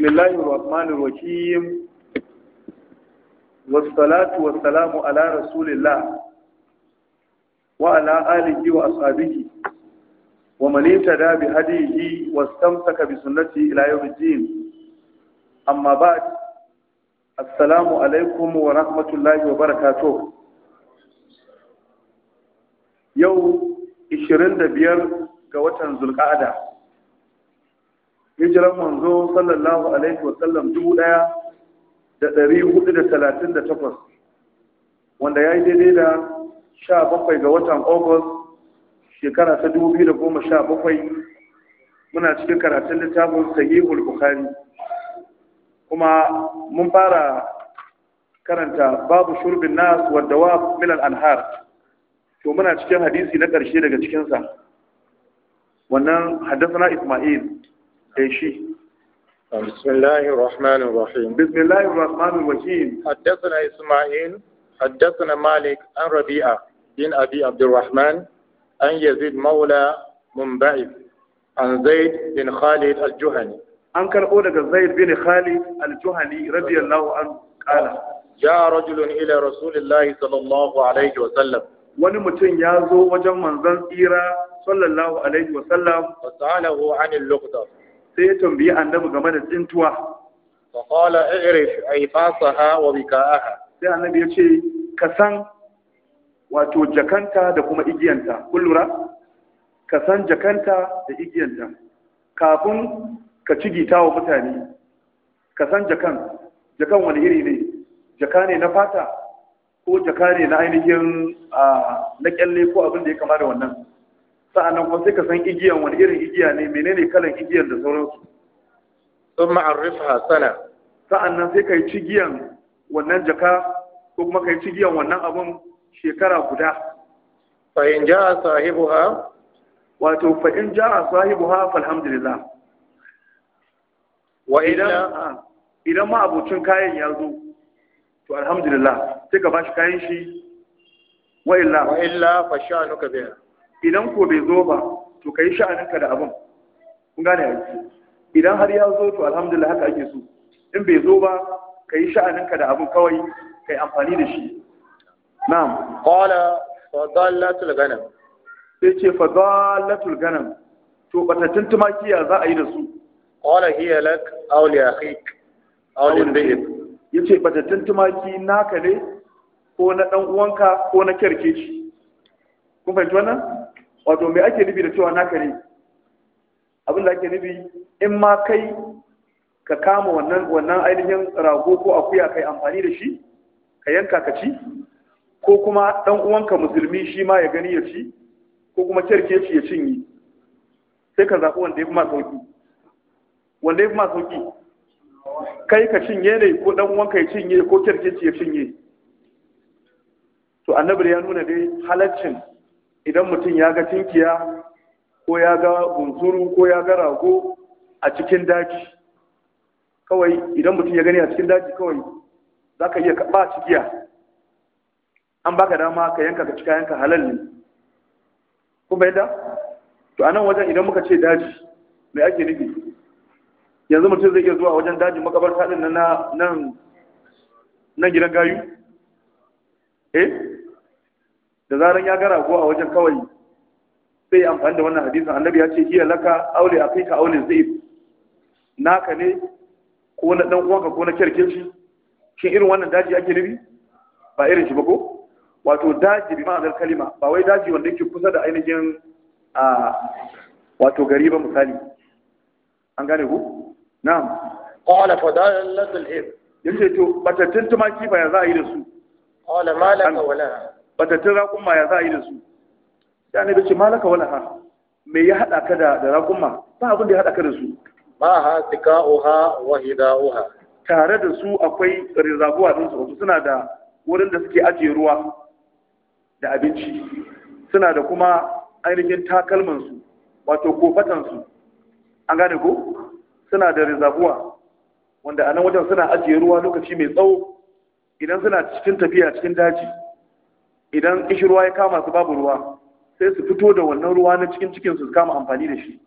بسم الله الرحمن الرحيم والصلاة والسلام على رسول الله وعلى آله وأصحابه ومن اهتدى بهديه واستمسك بسنته إلى يوم الدين أما بعد السلام عليكم ورحمة الله وبركاته يوم 25 ga watan Zulqa'ada hijiran manzo sallallahu alaihi wa sallam dubu ɗaya da dari hudu da talatin da takwas wanda ya yi daidai da sha bakwai ga watan agus shekara ta dubu biyu da goma sha bakwai muna cikin karatun littafin sahihul bukhari kuma mun fara karanta babu shurbin nas wa dawab min al anhar to muna cikin hadisi na ƙarshe daga cikinsa wannan haddasa isma'il sai shi بسم الله الرحمن الرحيم بسم الله الرحمن الرحيم حدثنا إسماعيل حدثنا مالك عن ربيعة بن أبي عبد الرحمن عن يزيد مولى منبعث عن زيد بن خالد الجهني عن كان أولك زيد بن خالد الجهني رضي الله عنه قال جاء رجل إلى رسول الله صلى الله عليه وسلم wani mutum ya zo wajen manzon tsira sallallahu alaihi wasallam fasalahu anil luqtab sai ya tambayi annabi game da tsintuwa fa qala i'rif ay fasaha wa bika'aha sai annabi ya ce ka san wato jakanta da kuma igiyanta kullura ka san jakanta da igiyanta kafin ka gita wa mutane ka san jakan jakan wani iri ne jaka ne na fata ko jaka ne na ainihin ah, na kyalle ko abin da ya kama da wannan sa'annan kuma sai ka san igiyan wani irin igiya ne menene kalan igiyan da sauransu sun ma'arrifa sana sa'annan sai ka yi cigiyan wannan jaka ko kuma ka yi cigiyan wannan abun shekara guda fa in sahibu ha? wato fa in sahibu ha, falhamdulillah wa idan idan ma abocin kayan ya zo to alhamdulillah sai ka bashi kayan shi wa illa wa illa fa sha'nuka biha idan ko bai zo ba to kai sha'aninka da abin kun gane aiki idan har ya zo to alhamdulillah haka ake so in bai zo ba kai sha'aninka da abin kawai kai amfani da shi na'am qala fadallatul ganam sai ce fadallatul ganam to batattun tumaki ya za a yi da su qala hiya lak aw li akhik aw li dhib yace batattun tumaki naka ne ko na dan uwanka ko na kyarke kun fahimci wannan wato me ake nufi da cewa naka ne abin da ake nufi in ma kai ka kama wannan wannan ainihin rago ko akuya kai amfani da shi ka yanka ka ci ko kuma dan uwanka musulmi shi ma ya gani ya ci ko kuma kyarke shi ya cinye sai ka zaɓi wanda ya fi ma sauki wanda ya fi ma sauki kai ka cinye ne ko dan uwanka ya cinye ko kyarke shi ya cinye to annabi ya nuna dai halaccin idan mutum ya ga tinkiya ko ya ga gunzuru ko ya ga rago a cikin daji kawai idan mutum ya gani a cikin daji kawai za ka iya ba cikiya an baka dama ka yanka ka cika yanka halal ne kuma yadda to anan wajen idan muka ce daji mai ake nufi yanzu mutum zai iya zuwa wajen daji makabar din na nan gidan gayu eh da zaran ya gara ko a wajen kawai sai amfani da wannan hadisin annabi ya ce hiya laka aule akika aule zaif naka ne ko na dan uwanka ko na kirkirci shin irin wannan daji ake nufi ba irin shi ba ko wato daji bi ma'anar kalima ba wai daji wanda yake kusa da ainihin a wato gari ba misali an gane ku na'am qala fa dalalat al-ib yace to batattun tumaki ba za a yi da su qala malaka wala batattun raƙumma ya za a yi da su da ne bace malaka wala ha me ya haɗa ka da raƙumma ba abin da ya haɗa ka da su ma ha oha wa oha. tare da su akwai rizabuwa din su wasu suna da wurin da suke ajiye ruwa da abinci suna da kuma ainihin takalmansu wato kofatansu. an gane ko suna da rizabuwa wanda a nan wajen suna ajiye ruwa lokaci mai tsawo idan suna cikin tafiya cikin daji idan kishirwa ya kama su babu ruwa sai su fito da wannan ruwa na cikin cikin su kama amfani da shi